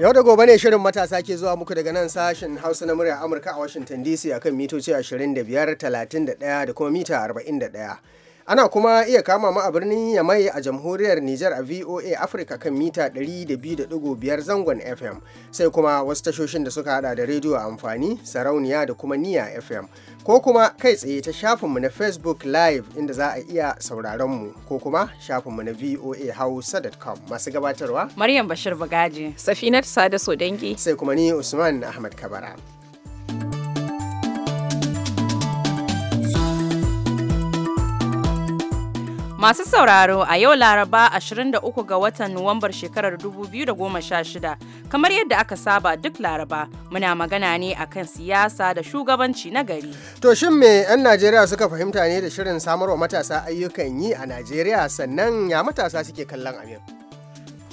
Yau da gobe ne shirin matasa ke zuwa muku daga nan sashen Hausa na murya Amurka a Washington DC akan mitoci 25, 31 da kuma mita 41. Ana kuma iya kama mu a birnin Yamai a jamhuriyar Nijar a VOA Africa kan mita 200.5 zangon FM sai kuma wasu tashoshin da suka hada da rediyo a amfani, sarauniya da kuma niya FM. Ko kuma kai tsaye ta shafinmu na Facebook Live inda za a iya sauraron mu ko kuma shafinmu na VOA Hausa.com masu gabatarwa. Maryam Bashir Bagaji, Safinat Sada Sodangi. Sai kuma ni Usman Ahmad Kabara. Masu sauraro a yau Laraba 23 ga watan Nuwambar shekarar 2016 kamar yadda aka saba duk Laraba muna magana ne akan siyasa da shugabanci na gari. To shin me 'yan Najeriya suka fahimta ne da shirin samarwa matasa ayyukan yi a Najeriya sannan ya matasa suke kallon abin?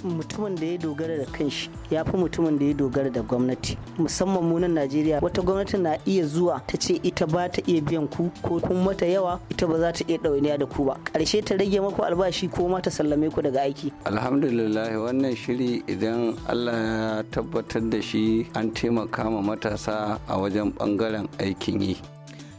mutumin da ya dogara da kanshi ya fi mutumin da ya dogara da gwamnati musamman munan najeriya wata gwamnati na iya zuwa ta ce ita ba ta iya biyan ku ko kun mata yawa ita ba za ta iya ɗauniya da ku ba ƙarshe ta rage maku albashi ko ma ta sallame ku daga aiki alhamdulillah wannan shiri idan allah ya tabbatar da shi an taimaka ma matasa a wajen ɓangaren aikin yi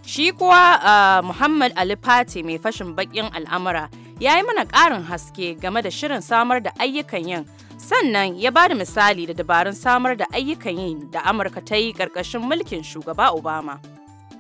shi kuwa ah, muhammad ali fati mai fashin bakin al'amura ya yi mana ƙarin haske game da shirin samar da ayyukan yin sannan ya ba da misali da dabarun samar da ayyukan yi da amurka ta yi ƙarƙashin mulkin shugaba obama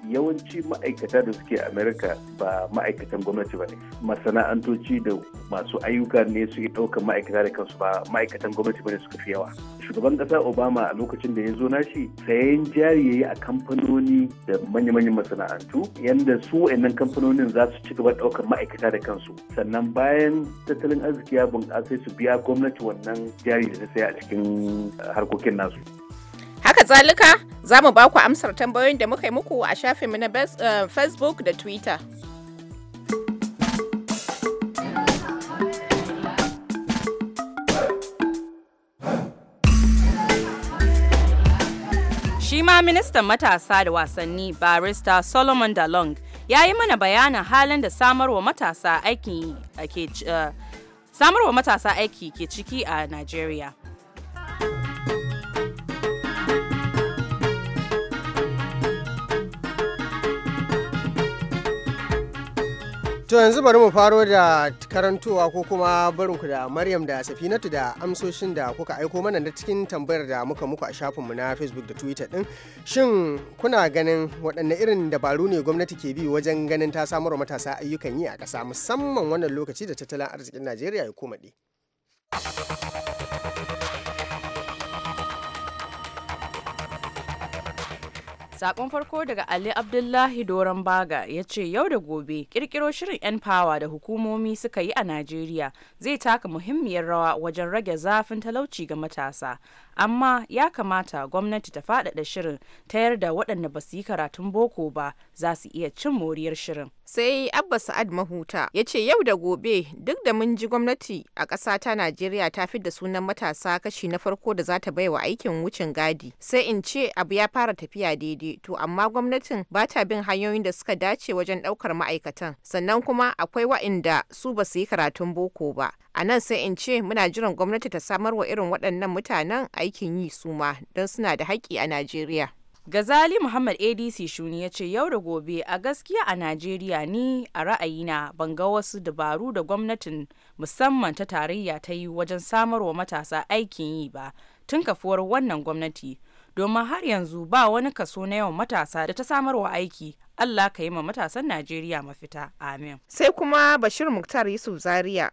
yawanci ma'aikata da suke amerika ba ma'aikatan gwamnati ba ne masana'antoci da masu ayyuka ne suke ɗaukar ma'aikata da kansu ba ma'aikatan gwamnati ba ne suka fi yawa shugaban ƙasa obama a lokacin da ya zo nashi sayan jari ya yi a kamfanoni da manya-manyan masana'antu yadda su wayannan kamfanonin za su ci gaba ɗaukar ma'aikata da kansu sannan bayan tattalin arziki ya bunƙasa su biya gwamnati wannan jari da ta saya a cikin harkokin nasu Haka zalika za mu ba ku amsar tambayoyin da muka yi muku a shafinmu na eh, Facebook da Twitter. Shi ma ministan matasa da wasanni barista Solomon Dalong ya yi mana bayanin halin da samarwa matasa aiki ke eh, ciki a Najeriya. To yanzu bari mu faro da karantowa ko kuma barinku da Maryam da Safinatu da amsoshin da kuka aiko mana da cikin tambayar da muka muku a shafinmu na Facebook da Twitter din. Shin kuna ganin waɗanne irin dabaru ne gwamnati ke bi wajen ganin ta samar matasa ayyukan yi a ƙasa musamman wannan lokaci da tattalin arzikin Najeriya ya komaɗe. Sakon farko daga Ali Abdullahi Doron Baga ya ce yau da gobe kirkiro shirin 'yan fawa da hukumomi suka yi a Najeriya zai taka muhimmiyar rawa wajen rage zafin talauci ga matasa. amma ya kamata gwamnati ta faɗaɗa shirin ta yarda waɗanda ba su yi karatun boko ba za su iya cin moriyar shirin. Sai Abba Sa'ad Mahuta ya ce yau da gobe duk da mun ji gwamnati a ƙasa ta Najeriya ta fi da sunan matasa kashi na farko da za ta wa aikin wucin gadi. Sai in ce abu ya fara tafiya daidai to amma gwamnatin ba ta bin hanyoyin da suka dace wajen ɗaukar ma'aikatan sannan kuma akwai wa'inda su ba su yi karatun boko ba. a nan sai in ce muna jiran gwamnati ta samar wa irin waɗannan mutanen aikin yi suma don suna da haƙƙi a najeriya Gazali Muhammad ADC Shuni ya ce yau da gobe a gaskiya a Najeriya ni a ra'ayina ban ga wasu dabaru da gwamnatin musamman ta tarayya ta yi wajen samarwa matasa aikin yi ba tun kafuwar wannan gwamnati domin har yanzu ba wani kaso na yawan matasa da ta samarwa aiki Allah ka yi ma matasan Najeriya mafita amin. Sai kuma Bashir Muktar Yusuf Zaria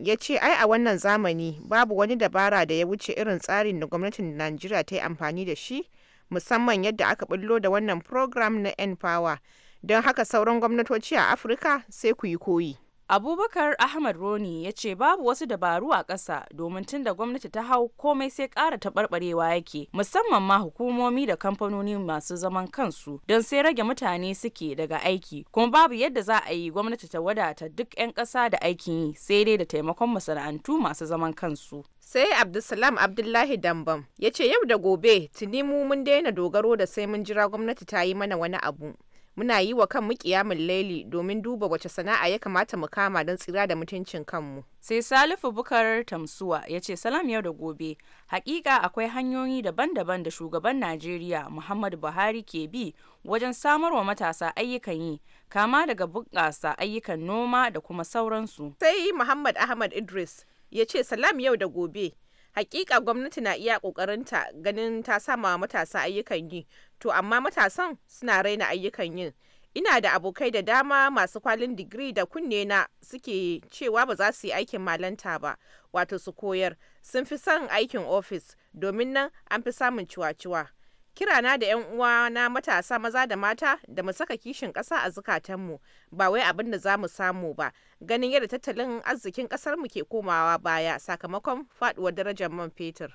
ya ce ai a wannan zamani babu wani dabara da ya wuce irin tsarin da gwamnatin najeriya ta yi amfani da shi musamman yadda aka bullo da wannan program na n power don haka sauran gwamnatoci a afirka sai ku yi koyi abubakar ahmad roni ya ce babu wasu dabaru a ƙasa domin tun da gwamnati ta hau komai sai ƙara taɓarɓarewa yake musamman ma hukumomi da kamfanoni masu zaman kansu don sai rage mutane suke daga aiki kuma babu yadda za a yi gwamnati ta wadata duk 'yan ƙasa da aikin yi sai dai da taimakon masana'antu masu zaman kansu sai abdulsalam abdullahi dambam ya ce yau da gobe tuni mu mun daina dogaro da sai mun jira gwamnati ta yi mana wani abu muna yi wa kanmu kiyamin laili domin duba wace sana'a ya kamata mu kama don tsira da mutuncin kanmu. Sai Salifu Bukar Tamsuwa ya ce salam yau da gobe, hakika akwai hanyoyi daban-daban da shugaban Najeriya Muhammadu Buhari ke bi wajen samar wa matasa ayyukan yi, kama daga bunƙasa ayyukan noma da kuma sauransu. Sai Muhammad Ahmad Idris ya ce salam yau da gobe. hakika gwamnati na iya kokarinta ganin ta sama matasa ayyukan yi to amma matasan suna raina ayyukan yin ina da abokai da dama masu kwalin digiri da kunne na suke cewa ba za su yi aikin malanta ba wato su koyar sun fi son aikin ofis domin nan an fi samun ciwa-ciwa kirana da 'yan uwa na matasa maza da mata da mu saka kishin ƙasa a zukatan mu ba wai abin da za mu samu ba ganin yadda tattalin arzikin mu ke komawa baya sakamakon faduwar darajar man fetur.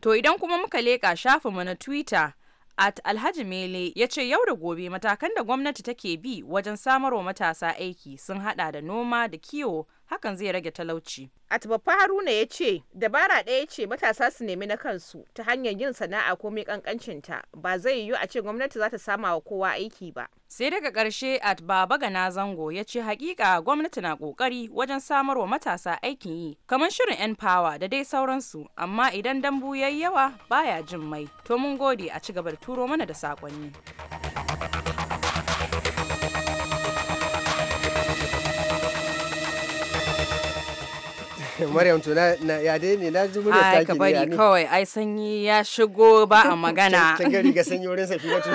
To idan kuma muka leƙa mu na Twitter at alhaji mele ya ce yau da gobe matakan da gwamnati take bi wajen samar wa matasa aiki sun hada da noma da kiwo hakan zai rage talauci At Baffa haruna ya ce dabara ɗaya ce matasa su nemi na kansu ta hanyar yin sana'a ko mai kankancinta ba zai yiwu a ce gwamnati za ta sama wa kowa aiki ba sai daga ƙarshe at baba gana zango ya ce hakika gwamnati na ƙoƙari wajen samarwa matasa aikin yi kamar shirin 'yan power da dai sauransu amma idan dambu yayi yawa baya jin mai to mun gode a ci gaba da turo mana da sakonni. Maryam to na ya dai ne na ji murya ta ne. Ai bari kawai ai sanyi ya shigo ba a magana. ta gari ga sanyi safi wato.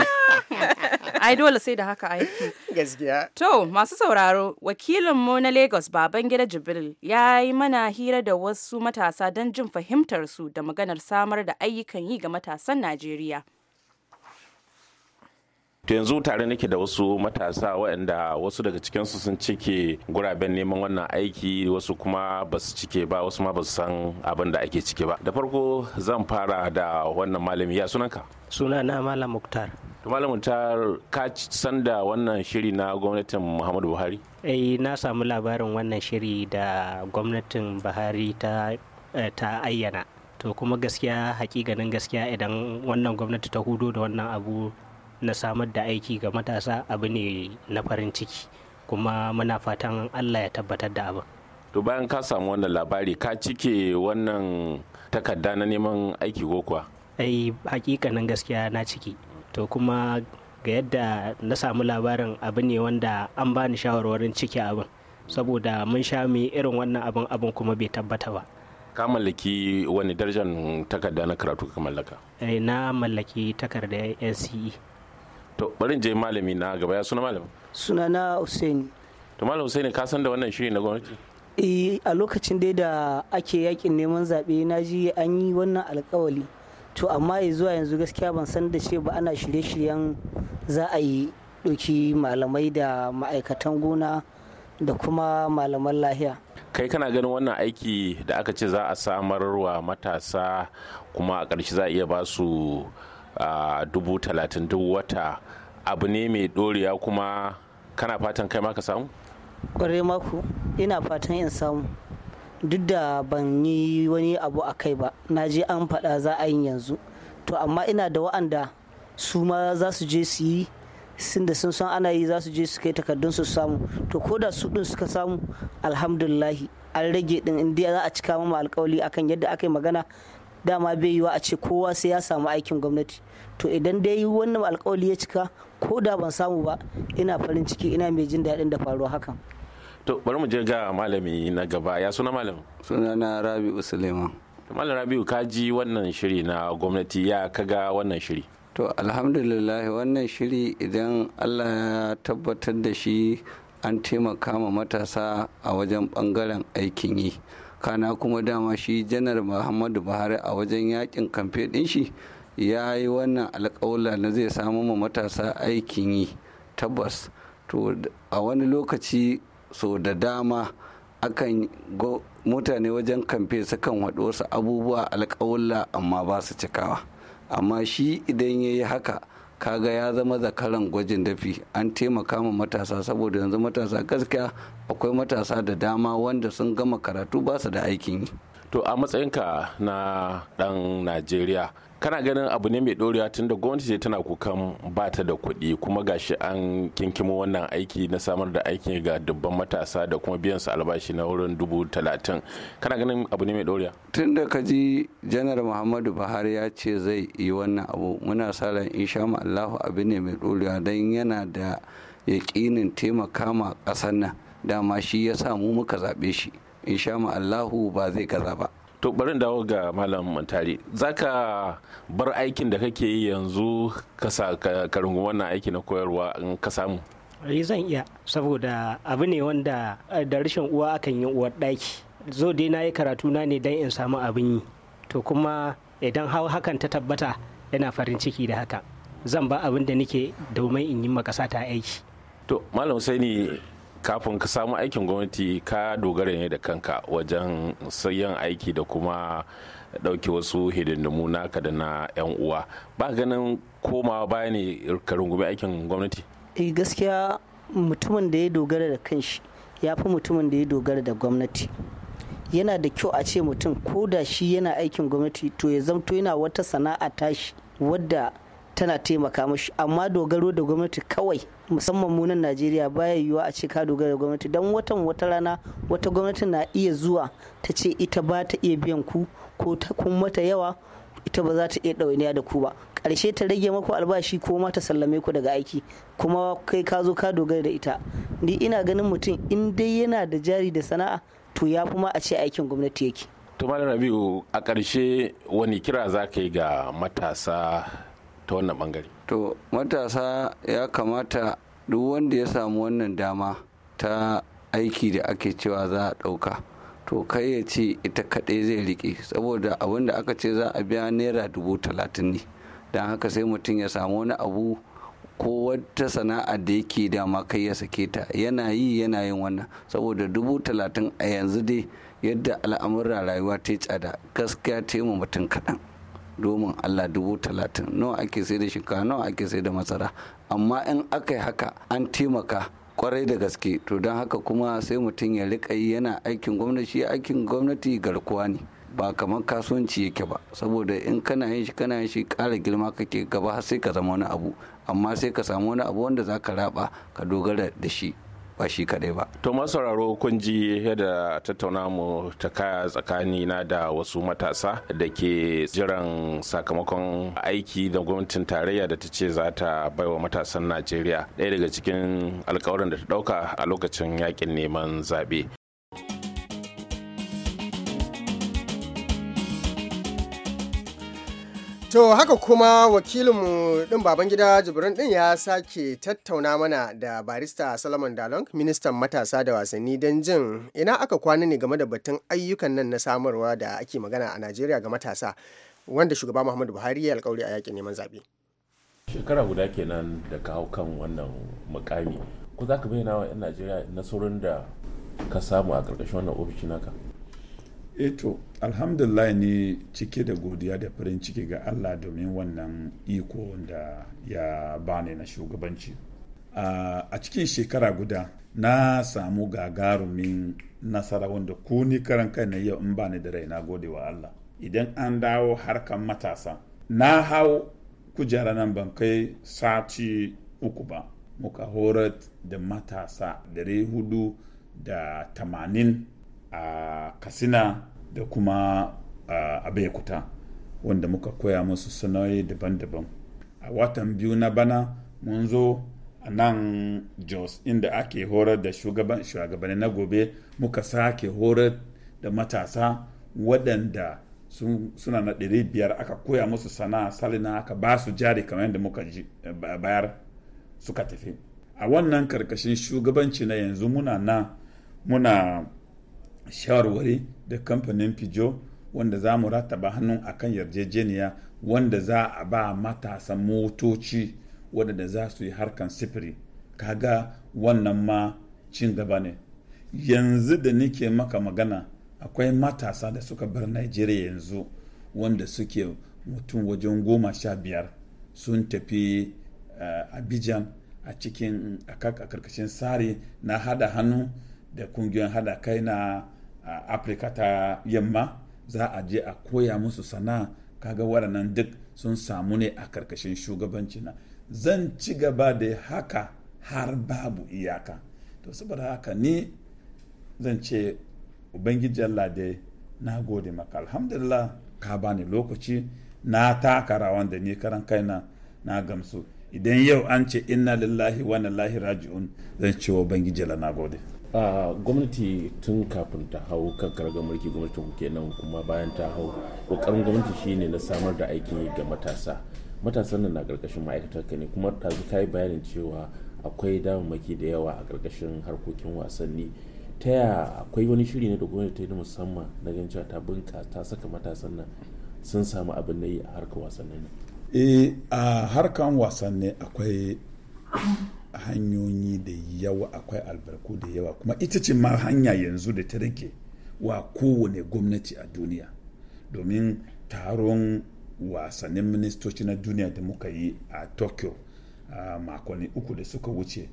ai dole sai da haka aiki gaskiya to masu sauraro wakilinmu na Lagos baban gida Jibril ya yi mana hira da wasu matasa don jin fahimtar su da maganar samar da ayyukan yi ga matasan Najeriya to yanzu tare nake da wasu matasa waɗanda wasu daga cikinsu sun cike guraben neman wannan aiki wasu kuma ba su cike ba wasu ma ba su san abin da ake cike ba da farko zan fara da wannan malami ya sunanka suna malam muktar to malamin ta ka sanda wannan shiri na gwamnatin muhammadu buhari eh na samu labarin wannan shiri da gwamnatin buhari ta eh, ta ayyana to kuma gaskiya hakikanin gaskiya idan wannan gwamnati ta hudo da wannan abu na samar da aiki ga matasa abu ne na farin ciki kuma muna fatan allah ya tabbatar da abin to bayan ka samu wannan labari ka cike wannan takarda na neman aiki ko kuwa ai eh, hakikanin gaskiya na ciki to kuma ga yadda na samu labarin abu ne wanda an bani shawarwarin ciki abin saboda mun sha mu irin wannan abin abin kuma bai tabbata ba ka mallaki wani darajar takarda na karatu ka mallaka eh, na mallaki takarda nce to barin je malami na gaba ya suna malam suna na hussein to malam hussein ka san da wannan shiri na gwamnati eh, a lokacin dai da ake yakin neman zaɓe na ji an yi wannan alkawali to amma zuwa yanzu gaskiya ban san da ce ba ana shirye-shiryen za a yi ɗauki malamai da ma'aikatan gona da kuma malaman lahiya kai kana ganin wannan aiki da aka ce za a samarwa matasa kuma a ƙarshe za a iya ba su dubu talatin duk wata abu ne mai ɗoriya kuma kana fatan kai ma ka samu ƙwarai maku ina fatan in samu duk da ban yi wani abu a kai ba na je an faɗa za a yi yanzu to amma ina da wa'anda su ma za su je su yi sun da sun san ana yi za su je su kai takardun su samu to ko da su din suka samu alhamdulillahi an rage din inda za a cika mama alkawali akan yadda aka yi magana dama bai yiwa a ce kowa sai ya samu aikin gwamnati to idan dai wannan alkawali ya cika ko da ban samu ba ina farin ciki ina mai jin daɗin da faruwa hakan to bari mu je ga malami na gaba ya suna malam suna na rabi'u suleiman malam rabi'u ka ji wannan shiri na gwamnati ya kaga wannan shiri to alhamdulillah wannan shiri idan allah ya tabbatar da shi an taimaka ma matasa a wajen bangaren aikin yi kana kuma dama shi janar muhammadu buhari a wajen yakin kamfe din shi ya yi wannan alƙawla na zai samu ma matasa aikin yi tabbas to a wani lokaci so da dama akan mutane wajen kamfe sukan haɗu wasu abubuwa alƙawalla amma ba su cikawa amma shi idan ya yi haka kaga ya zama zakaran gwajin dafi an taimaka ma matasa saboda yanzu matasa gaskiya akwai matasa da dama wanda sun gama karatu ba su da aikin yi to a matsayinka na ɗan najeriya kana ganin abu ne mai dorewa tun da gwamnati ce tana kukan ba ta da kuɗi kuma gashi an kinkimo wannan aiki na samar da aiki ga dubban matasa da kuma biyan su albashi na wurin dubu talatin kana ganin abu ne mai dorewa tun da ka ji janar muhammadu buhari ya ce zai yi wannan abu muna sa ran insha allahu abu ne mai dorewa don yana da yaƙinin taimaka ma ƙasar nan dama shi ya sa mu muka zaɓe shi insha allahu ba zai kaza ba to bari dawo ga malam mantari ka bar aikin da kake yi yanzu ka wannan aiki na koyarwa in ka samu eh, zan iya saboda abu ne wanda eh, da rashin uwa akan yi uwar ɗaki zo dai na yi karatu na ne don in samu abin yi to kuma idan hau hakan ta tabbata yana farin ciki da haka zan ba abin da nake domin in yi makasa ta aiki to malam sai kafin ka samu aikin gwamnati ka dogara ne da kanka wajen yin aiki da kuma dauke wasu hidindimu naka da na 'yan uwa ba ganin komawa baya ne ka rungumi aikin gwamnati eh gaskiya mutumin da ya dogara da kanshi ya fi mutumin da ya dogara da gwamnati yana da kyau a ce mutum ko da shi yana aikin gwamnati to ya zamto yana wata sana'a tashi wadda tana taimaka mashi amma dogaro da gwamnati kawai musamman munan najeriya baya yiwuwa a ce ka dogara da gwamnati don watan wata rana wata gwamnati na iya zuwa ta ce ita ba ta iya biyan ku ko ta kun mata yawa ita ba za ta iya ɗauniya da ku ba ƙarshe ta rage maku albashi ko ma ta sallame ku daga aiki kuma kai ka zo ka dogara da ita ni ina ganin mutum in dai yana da jari da sana'a to ya fi ma a ce aikin gwamnati yake to malam rabiu a ƙarshe wani kira za ka yi ga matasa ta wannan bangare to matasa ya kamata duk wanda ya samu wannan dama ta aiki da ake cewa za a ɗauka to kai ya ce ita kaɗai zai riƙe saboda abin da aka ce za a biya naira dubu talatin ne don haka sai mutum ya samu wani abu ko wata sana'a da yake dama kai ya sake ta yana yi yana yin wannan saboda dubu talatin a yanzu dai yadda al'amuran rayuwa ta yi tsada gaskiya ta yi mutum kaɗan domin allah dubu talatin nawa ake sai da shinkafa nawa ake sai da masara amma in aka yi haka an taimaka kwarai da gaske to don haka kuma sai mutum ya rika yi yana aikin gwamnati aikin gwamnati garkuwa ne ba kamar kasuwanci yake ba saboda in kana yin shi kana yin shi ƙara girma kake gaba sai ka zama wani abu amma sai ka samu wani abu wanda za ka raba ka dogara da shi ba shi kadai ba. To masu sauraro kun ji yadda tattauna mu ta kaya tsakani na da wasu matasa da ke jiran sakamakon aiki da gwamnatin tarayya da ta ce za ta baiwa matasan Najeriya ɗaya daga cikin alkawarin da ta ɗauka a lokacin yakin neman zaɓe. To haka kuma wakilinmu ɗin Babangida Jibrin ɗin ya sake tattauna mana da barista Solomon Dalong, ministan matasa da wasanni don jin ina aka kwana ne game da batun ayyukan nan na samarwa da ake magana a Najeriya ga matasa wanda shugaba Muhammadu Buhari ya alkawari a yakin neman zaɓe. Shekara guda kenan da kawo kan wannan mukami. Ku za ka bayyana wa 'yan Najeriya nasarorin da ka samu a ƙarƙashin wannan ofishi naka? eto eh alhamdulillah ne cike da godiya da farin ciki ga allah domin wannan iko da ya bani na shugabanci a cikin shekara guda na samu gagarumin nasara wanda ko ni karan kai na yau in bani da raina na gode wa allah idan an dawo harkan matasa na hau kujera nan ban kai sati uku ba muka horar da matasa dare hudu da tamanin a katsina da kuma a wanda muka koya musu sanoyi daban-daban a watan biyu na bana mun zo a nan jos inda ake horar da shugabanni na gobe muka sake horar da matasa waɗanda suna na ɗari biyar aka koya musu sana'a salina aka ba su jari kamar yadda muka eh, bayar suka tafi a wannan karkashin shugabanci na yanzu muna na muna shawarwari da kamfanin pijo wanda za mu rataba hannun akan yarjejeniya wanda za a ba matasa motoci waɗanda za su yi harkan sifiri kaga wannan ma cin gaba ne yanzu da nake maka magana akwai matasa da suka bar nigeria yanzu wanda suke mutum wajen goma sha biyar sun tafi uh, abidjan a cikin a karkashin na hada hannu da kungiyar hada kai na afirka ta yamma za a je a koya musu sana'a kaga waɗannan duk sun samu ne a karkashin shugabanci na zan ci gaba da haka har babu iyaka to saboda haka ni zan ce ubangiji Allah da na gode maka alhamdulillah ka bani lokaci na taka rawan da ni karan kaina na gamsu idan yau an ce inna lillahi wa inna ilaihi raji'un zan ce wa ubangiji Allah na gode gwamnati tun kafin ta hau kan karagar mulki gwamnati ku kenan kuma bayan ta hau kokarin gwamnati shine na samar da aikin yi ga matasa matasan nan na karkashin ma'aikatar ka ne kuma ta ka kai bayanin cewa akwai damammaki da yawa a karkashin harkokin wasanni ta ya akwai wani shiri ne da gwamnati ta yi na musamman na ganin cewa ta bunƙasa ta saka matasan nan sun samu abin da yi a harkar wasanni ne. eh a harkar wasanni akwai hanyoyi da yawa akwai albarku da yawa kuma ita ce ma hanya yanzu da ta rike wa kowane gwamnati a duniya domin taron wasannin ministoci na duniya da muka yi a tokyo a makonni uku da suka wuce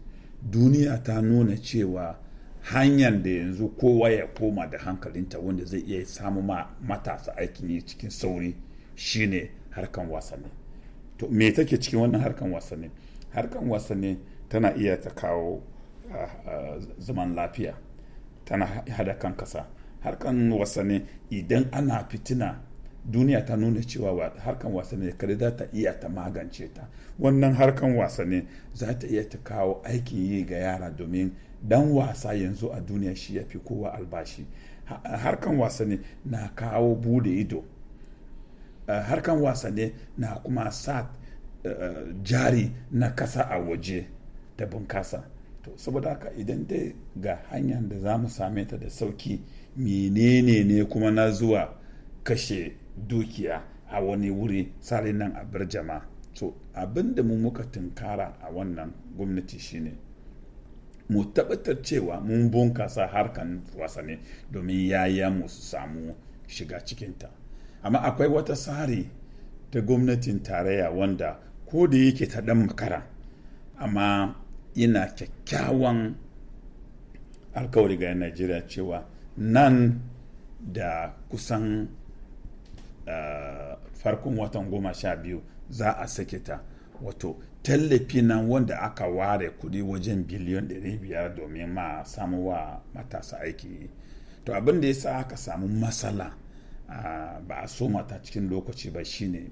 duniya ta nuna cewa hanyar da yanzu kowa ya koma da hankalinta wanda zai iya samu ma matasa aikin yi cikin sauri shine harkan wasanni to me take cikin wannan harkan wasanni harkan wasanni tana iya ta kawo zaman lafiya tana hada kan kasa harkan wasanni idan ana fitina duniya ta nuna cewa harkan wasanni kada za ta iya ta magance ta wannan harkan wasanni za ta iya ta kawo aikin yi ga yara domin dan wasa yanzu a duniya shi ya fi kowa albashi harkan wasanni na kawo bude ido harkan wasanni na kuma sa jari na kasa a waje ta bunkasa to saboda haka idan dai ga hanyar da za mu same ta da sauki menene ne kuma na zuwa kashe dukiya a wani wuri sare nan a bar jama'a to abin da mu muka tunkara a wannan gwamnati shine mu tabbatar cewa mun bunkasa harkan wasanni domin yaya mu samu shiga cikinta amma akwai wata tsari ta gwamnatin tarayya wanda ko da yake ta dan makara amma yana kyakkyawan alkawari ga najeriya cewa nan da kusan ah, farkon watan goma sha biyu za a sake ta wato tallafi nan wanda aka ware kudi wajen biliyon 500 domin ma samu wa matasa aiki to abin da ya sa aka samu matsala ah, ba a so mata cikin lokaci ba shine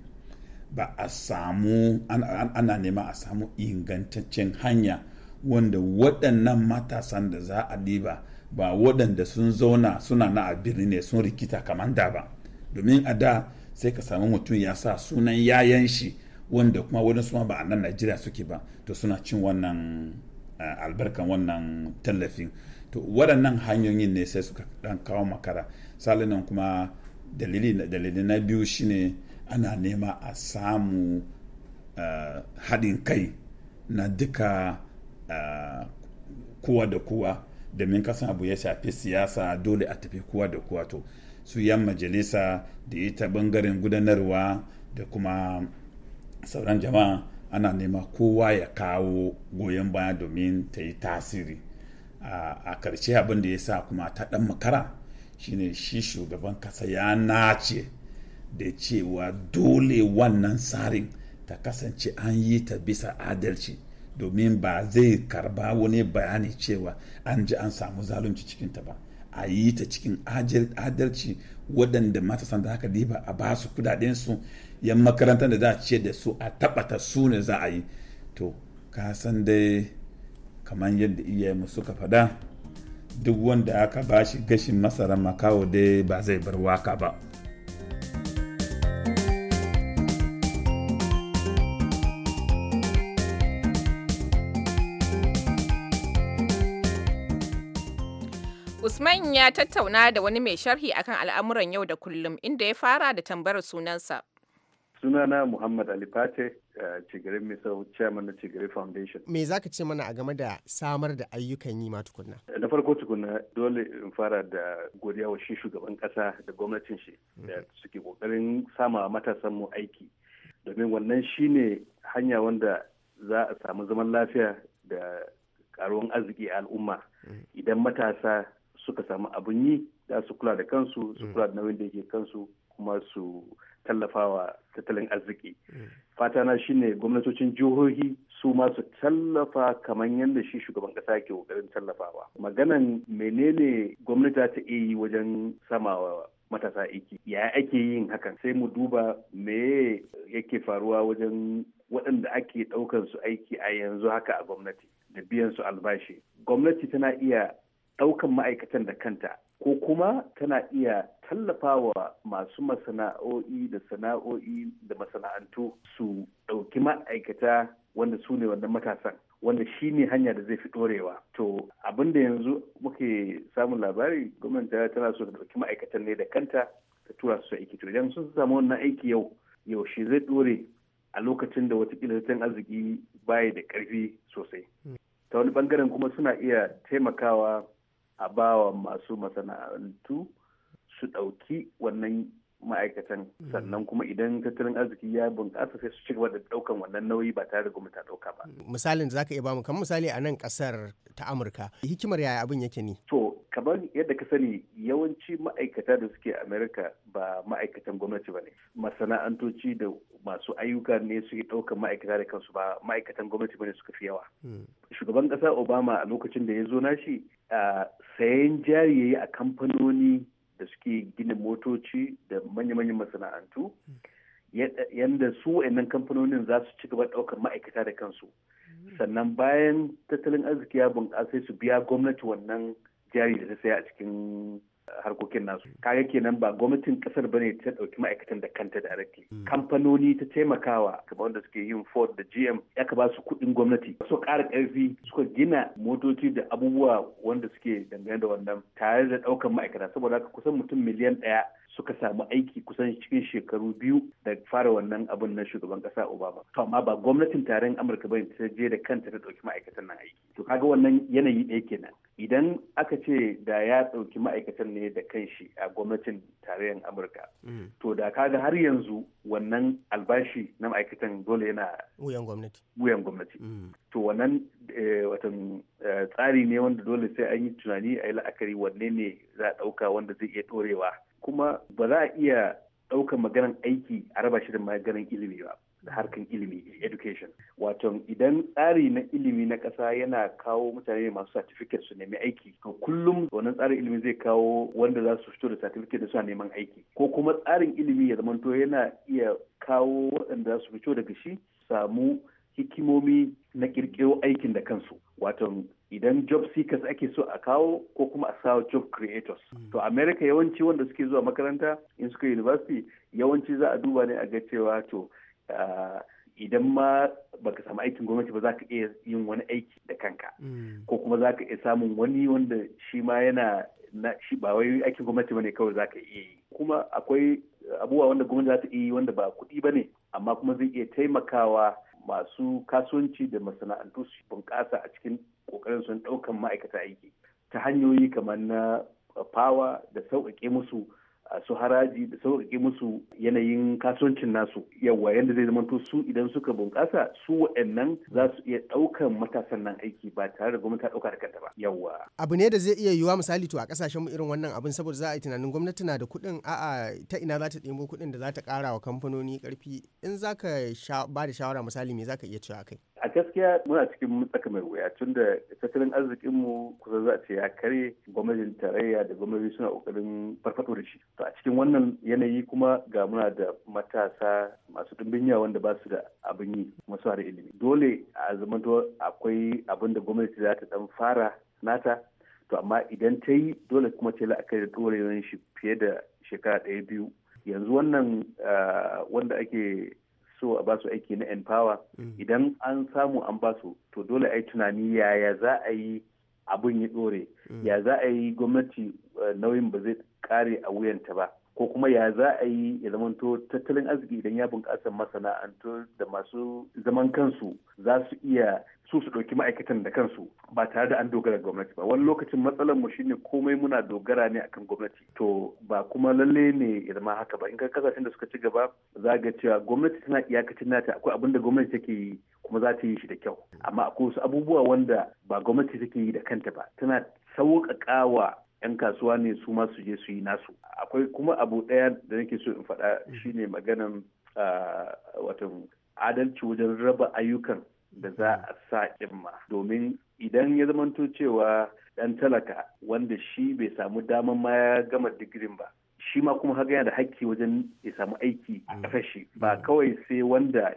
ba a samu ana nema a samu ingantaccen hanya wanda waɗannan matasan da za a ɗiba ba waɗanda sun zauna suna na a ne sun rikita kamar da ba domin a da sai ka samu mutum ya sa sunan yayan shi wanda kuma wani suma ba a nan najeriya suke ba to suna cin wannan albarkan wannan tallafin to waɗannan hanyoyin ne sai suka ɗan kawo makara salinan kuma dalili na biyu shine ana nema a samu haɗin kai na duka kowa da kowa domin kasan abu ya shafi siyasa dole a tafi kowa da kowa to su yan majalisa da ita bangaren gudanarwa da kuma sauran jama'a ana nema kowa ya kawo goyon baya domin ta yi tasiri a karshe abin da ya sa kuma ta dan makara shine shi shugaban kasa ya nace da cewa dole wannan tsarin ta kasance an yi ta bisa adalci domin ba zai karba wani bayani cewa an ji an samu zalunci cikin ta ba a yi ta cikin adalci waɗanda matasan da haka diba a ba su su yan makarantar da za a ce da su a tabbata su ne za a yi to ka san dai kamar yadda mu suka faɗa duk wanda aka ba shi gashin masara makawo dai ba zai bar waka ba tattauna da wani mai sharhi akan al'amuran yau da kullum inda ya fara da tambayar sunansa. Sunana Muhammad Ali Fate, Cigiri eh, Misau, Chairman na Cigiri Foundation. Me za ka ce mana a game da samar da ayyukan yi ma tukunna? Na farko tukunna dole in fara da godiya wa shi shugaban kasa da gwamnatin shi mm-hmm. da suke kokarin sama matasan mu aiki. Domin wannan shi ne hanya wanda za a samu zaman lafiya da karuwan arziki a al'umma mm-hmm. idan matasa suka samu abin yi za su kula da kansu su mm. kula da nauyin da yake kansu kuma su tallafawa tattalin arziki mm. fata na shine gwamnatocin jihohi su ma su tallafa kamar yadda shi shugaban kasa ke kokarin tallafawa maganan menene gwamnati ta iya yi wajen samawa matasa aiki ya ake yin hakan sai mu duba me yake faruwa wajen waɗanda ake ɗaukar su aiki a yanzu haka a gwamnati da biyan su albashi gwamnati tana iya ɗaukan ma'aikatan da kanta ko kuma tana iya tallafawa masu masana'o'i da sana'o'i da masana'antu su ɗauki ma'aikata wanda su ne wannan matasan wanda shi ne hanya da zai fi ɗorewa to abinda yanzu muke samun labari gwamnati tana so ta ɗauki ma'aikatan ne da kanta ta tura su aiki to idan sun samu wannan aiki yau yaushe zai ɗore a lokacin da wata tattalin arziki baya da ƙarfi sosai hmm. ta wani bangaren kuma suna iya taimakawa a bawa masu masana'antu su ɗauki wannan ma'aikatan mm. sannan kuma idan tattalin arziki ya bunƙasa sai su ci gaba da ɗaukan wannan nauyi ba tare da gwamnati ɗauka ba. Misalin da za ka iya bamu kamar misali a nan ƙasar ta Amurka hikimar yaya abin yake ne? To kamar yadda ka sani yawanci ma'aikata da suke Amerika ba ma'aikatan gwamnati ba ne masana'antoci da masu ayyuka ne suke ɗaukan ma'aikata da kansu ba ma'aikatan gwamnati ba ne suka fi yawa. Mm. Shugaban ƙasa Obama a lokacin da ya zo nashi sayan jari yi a kamfanoni da suke gina motoci da manya-manyan masana'antu yadda su wa'annan kamfanonin za su ci gaba ɗaukar ma'aikata da kansu mm. sannan bayan tattalin arziki ya bunƙasa su biya gwamnati wannan jari da ta saya a cikin harkokin nasu kaga kenan ba gwamnatin kasar ba ne ta ɗauki ma'aikatan da kanta da arake hmm. kamfanoni ta taimakawa kamar wanda suke yin ford da gm ya ka ba su kuɗin gwamnati su kara karfi suka gina motoci da abubuwa wanda suke dangane da wannan tare da ɗaukar ma'aikata saboda haka kusan mutum miliyan ɗaya suka samu aiki kusan cikin shekaru biyu da fara wannan abun na shugaban kasa Obama. To amma ba gwamnatin taron Amurka bane ta je da kanta ta dauki ma'aikatan nan aiki. To kaga wannan yanayi ɗaya kenan. idan aka ce da ya ɗauki ma'aikatan ne da kanshi a gwamnatin tarayyar amurka mm. to da kaga har yanzu wannan albashi na ma'aikatan dole yana wuyan gwamnati mm. to wannan eh, watan eh, tsari ne wanda dole sai an yi tunani a yi la'akari wanne ne za a ɗauka wanda zai iya ɗorewa kuma ba za a iya ɗaukar maganan aiki a raba shi da maganan ilimi ba da harkan ilimi education wato idan tsari na ilimi na ƙasa yana kawo mutane masu certificate su nemi aiki to kullum wannan tsarin ilimi zai kawo wanda za su fito da certificate da suna neman aiki ko kuma tsarin ilimi ya zamanto yana iya kawo waɗanda za su fito daga shi samu hikimomi na kirkiro aikin da kansu wato idan job seekers ake so a kawo ko kuma a sawa job creators hmm. to america yawanci wanda suke zuwa makaranta in suka university yawanci za a duba ne a ga cewa to Eh, idan ma baka samu aikin gwamnati ba za ka iya yin wani aiki da kanka mm. ko kuma za ka iya samun wani wanda shi ma yana na ba wai aikin gwamnati bane kawai za ka iya yi kuma akwai abubuwa wanda gwamnati za ta iya yi wanda ba kuɗi ne. amma kuma zai iya taimakawa masu kasuwanci da masana'antu su bunƙasa a cikin ƙoƙarin sun ɗaukan ma'aikata aiki ta hanyoyi kamar na fawa eh, da sauƙaƙe musu su haraji da sauƙaƙe musu yanayin kasuwancin nasu yawa yadda zai zamanto su idan suka bunƙasa su waɗannan za su iya ɗaukan matasan nan aiki ba tare da gwamnati ta ɗauka da kanta ba yawa abu ne da zai iya yiwuwa misali to a ƙasashen mu irin wannan abin saboda za a yi tunanin gwamnati na da kuɗin a'a ta ina za ta ɗebo kuɗin da za ta ƙara wa kamfanoni ƙarfi in za ka ba da shawara misali me za ka iya cewa kai gaskiya muna cikin matsaka mai wuya tun da tattalin mu kusa za a ce ya kare gwamnatin tarayya da gwamnati suna kokarin farfado da shi to a cikin wannan yanayi kuma ga muna da matasa masu ɗumbin yawa wanda ba su da abin yi kuma su da ilimi dole a zamanto akwai abin da gwamnati za ta dan fara nata to amma idan ta yi dole kuma ce la'akari da dorewar shi fiye da shekara ɗaya biyu yanzu wannan ah, wanda ake so a basu aiki na empower mm. idan an samu an basu to dole a yi tunani yaya za a yi abin ya dore mm. ya za a yi gwamnati eh, nauyin ba zai kare a wuyanta ba ko kuma ya za a yi ya zamanto tattalin arziki idan ya bunƙasa masana'antu da masu zaman kansu za su iya su su ɗauki ma'aikatan da kansu ba tare da an dogara gwamnati ba wani lokacin matsalar mu shine komai muna dogara ne akan gwamnati to ba kuma lalle ne ya zama haka ba in ka kasashen da suka ci gaba za ga cewa gwamnati tana iyakacin nata akwai abin da gwamnati take yi kuma za ta yi shi da kyau amma akwai wasu abubuwa wanda ba gwamnati take yi da kanta ba tana sauƙaƙawa 'yan kasuwa ne su ma su je su yi nasu akwai kuma abu ɗaya da nake so in faɗa shine maganan watan adalci wajen raba ayyukan da za a sa imma domin idan ya zamanto cewa ɗan talaka wanda shi bai samu daman ma ya gama digirin ba shi ma kuma haka yana da hakki wajen ya samu aiki a ƙasar shi ba kawai sai wanda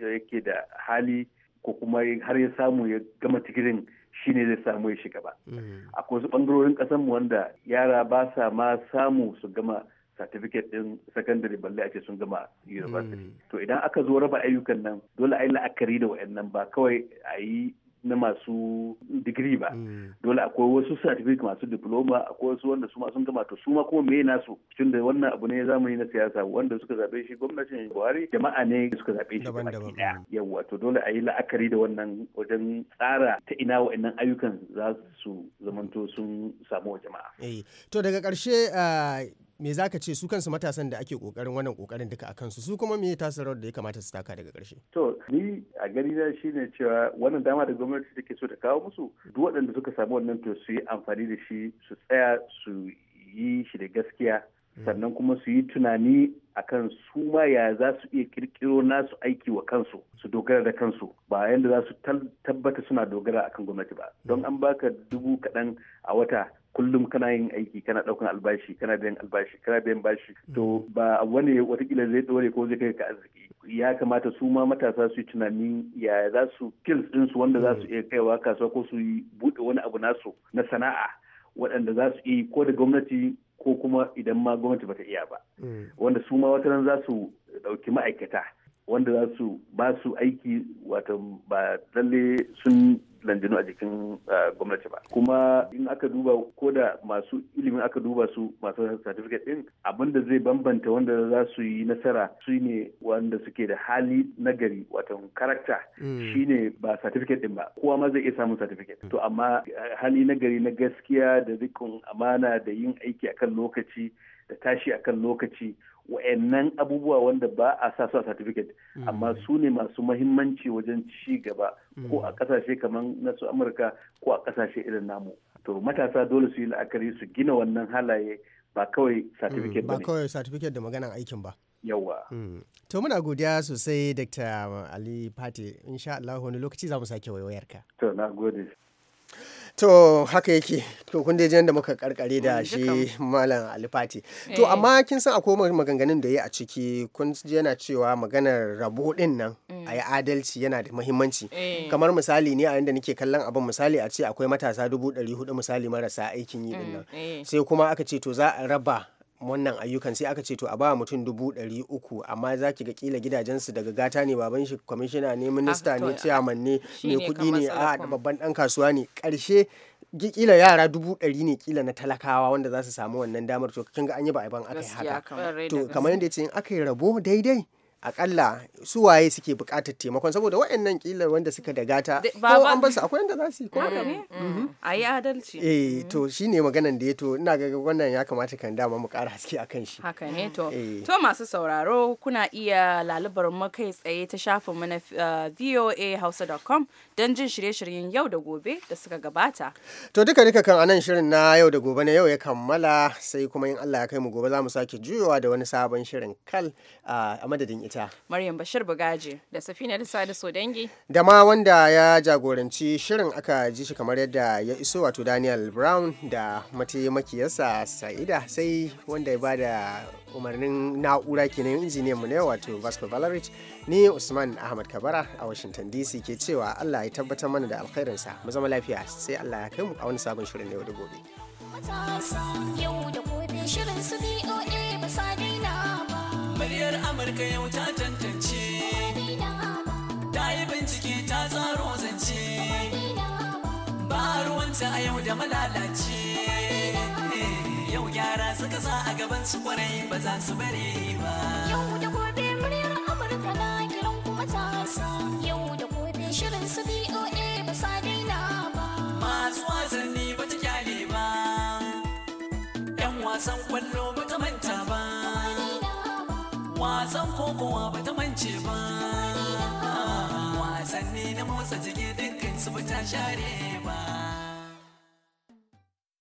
yake da hali ko kuma har ya samu ya gama digirin shi ne zai samu ya shiga ba. Mm. Akwai wasu ɓangarorin ƙasanmu wanda yara ba sa ma samu su gama satifiket ɗin secondary balle a sun gama university. Mm. To idan aka zo raba ayyukan nan dole a yi la'akari da wa'annan ba kawai a yi na masu digiri ba mm. dole akwai wasu certificate masu diploma akwai wasu wanda su ma gama to su ma kuma me nasu tun da wannan abu ne zamani na siyasa wanda suka zabe shi gwamnatin Buhari jama'a ne suka zabe shi baki daya mm. yawa to dole a yi la'akari da wannan wajen tsara ta ina wa'annan ayyukan za su zamanto sun samu wa jama'a eh, to daga ƙarshe ah, me za ka ce su kansu matasan da ake kokarin wannan kokarin duka a kansu su kuma me tasirar da ya kamata su taka daga ƙarshe to ni a gani na shine cewa wannan dama da gwamnati take so ta kawo musu duk waɗanda suka samu wannan to su yi amfani da shi su tsaya su yi shi da gaskiya mm. sannan kuma su yi tunani akan su ma ya za su iya kirkiro nasu aiki wa kansu su dogara da kansu ba yadda za su tabbata suna dogara akan gwamnati ba mm. don an baka dubu kaɗan a wata kullum kana yin aiki kana daukan albashi kana biyan albashi kana biyan bashi mm. to ba wani watakila zai dore ko zai kai ka arziki ya kamata su ma matasa su yi tunanin ya za su skills ɗinsu wanda za su mm. iya kaiwa kasuwa ko su yi buɗe wani abu nasu na sana'a waɗanda za su yi ko da gwamnati ko kuma idan ma gwamnati bata iya ba mm. wanda su ma nan za su ɗauki ma'aikata wanda za su ba su aiki wato ba lalle sun danjinu a jikin eh, gwamnati ba kuma in aka duba ko da masu ilimin aka duba su masu certificate din abin da zai bambanta wanda za su yi nasara su ne wanda suke da hali nagari wato karakta hmm. shine ba certificate din ba kowa ma zai iya samun certificate to amma eh, hali nagari na gaskiya da zikin amana da yin aiki akan lokaci da tashi akan lokaci wa'annan abubuwa wanda ba a sa su a certificate hmm. amma su ne masu mahimmanci wajen ci gaba ko hmm. a kasashe kamar na su amurka ko a kasashe irin namu to matasa dole su yi la'akari su gina wannan halaye ba kawai hmm, certificate ba Ba kawai certificate da maganan aikin ba yawa to muna godiya sosai dr ali fati insha Allah wani lokaci za mu sake wayoyarka. to na gode to haka yake to kun dai da muka karkare da mm, shi malam alifati to eh. amma kin san akwai maganganun da ya a ciki kun yana cewa maganar rabo din nan mm. a yi adalci yana da muhimmanci eh. kamar misali ne a inda nake kallon abin misali a ce akwai matasa dubu ɗari hudu misali marasa aikin yi din mm, nan eh. sai kuma aka ce to za a raba wannan ayyukan sai aka ce to a ba mutum dubu ɗari uku amma za ki ga kila gidajensu daga gata ne baban shi kwamishina ne minista ah, ne ciyaman ne mai kuɗi ne a babban ɗan kasuwa ne ƙarshe kila yara dubu ɗari ne kila na talakawa wanda za su samu wannan damar to kin ga an yi ba a ban aka yi haka to kamar yadda ya ce in aka yi rabo daidai akalla su waye suke buƙatar taimakon saboda waɗannan kila wanda suka dagata ko an basu akwai wanda za su yi ko a mm-hmm. mm-hmm. yi adalci eh to shine maganan da ya to ina ga wannan ya kamata kan dama mu ƙara haske akan shi haka ne to eh. to masu sauraro kuna iya lalubar mu kai tsaye ta shafin mu na eh, voahausa.com don jin shirye-shiryen yau da gobe da suka gabata to duka duka kan anan shirin na yau da gobe na yau ya kammala sai kuma in Allah ya kai mu gobe za mu sake juyowa da wani sabon shirin kal ah, a madadin ita Maryam Bashir Bugaji da Safina lissa da Sodangi. Da ma wanda ya jagoranci shirin aka ji shi kamar yadda ya iso wato Daniel Brown da mataimakiyarsa Sa'ida sai wanda ya bada umarnin na'ura kenan injiniyan mu ne wato Vasco Valerich ni Usman Ahmad Kabara a Washington DC ke cewa Allah ya tabbatar mana da alkhairinsa mu zama lafiya sai Allah ya kai mu a wani sabon shirin yau da gobe. yau da gobe shirin su BOA ba Muryar Amurka yau ta tantance. Ta yi bincike ta tsaro zance. Ba ruwanta a yau da malalace. Yau gyara suka sa a gaban su kwarai ba za su bari ba. Yau da gobe muryar Amurka na kiran kuma ta Yau da gobe shirin su BOA ba sa daina ba. Masu wasanni ba ta kyale ba. 'Yan wasan kwallo wasan kokowa ba ta mance ba wasanni na motsa jiki dukkan su ba ta share ba